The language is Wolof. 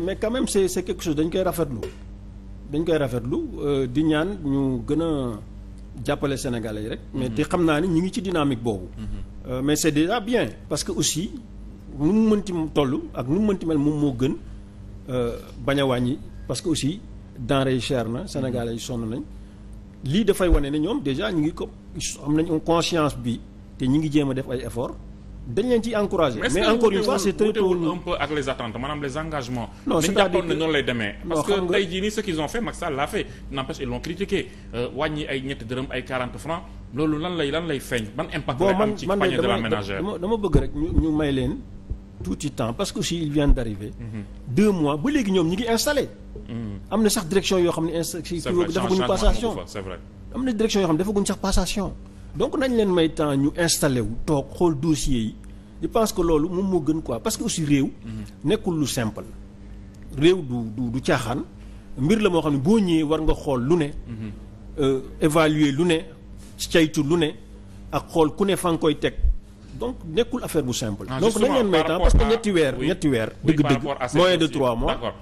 mais quand même c'est c'est quelque chose dañ koy rafetlu dañ koy rafetlu euh, di ñaan ñu gën a jàppale Sénégalais yi rek. mais te xam naa ni ñu ngi ci dynamique boobu. Euh, mais c'est déjà bien parce que aussi nu mu mënti toll ak nu mu mënti mel moom moo gën euh, bañ a wàññi parce que aussi denrée yi cher na Sénégalais yi sonn nañ lii dafay wane ne ñoom déjà ñu ngi ko am nañ conscience bi te ñu ngi jéem a def ay efforts. dañ leen ci encouragé. mais encore une fois c'est très tôt un peu les engagements. noonu lay demee. parce que tey jii nii ce qu'ils ont fait Macky Sall l'a fait n'empêche ils l'ont critiqué euh, wàññi ay ñetti dërëm ay 40 francs loolu lan lay lan lay feeñ ban impact. lay am ci panier de la ménagère bon man dama bëgg rek ñu ñu may leen tuuti temps parce que si il vient d'arriver mhm. deux mois ba léegi ñoom ñi ngi installé. Mhm. am na sax direction yoo xam ne insta. c' yoo xam donc nañ leen may temps ñu installé wu toog xool dossier yi je pense que loolu moom moo gën quoi parce que aussi réew. nekkul lu simple. réew du du du caaxaan mbir la moo xam ne boo ñëwee war nga xool lu ne. Euh, évaluer lu ne caytu lu ne ak xool ku ne fa nga koy teg. donc nekkul affaire bu simple. donc nañ leen may temps parce ñetti weer ñetti weer. dëgg-dëgg moyen de trois mois.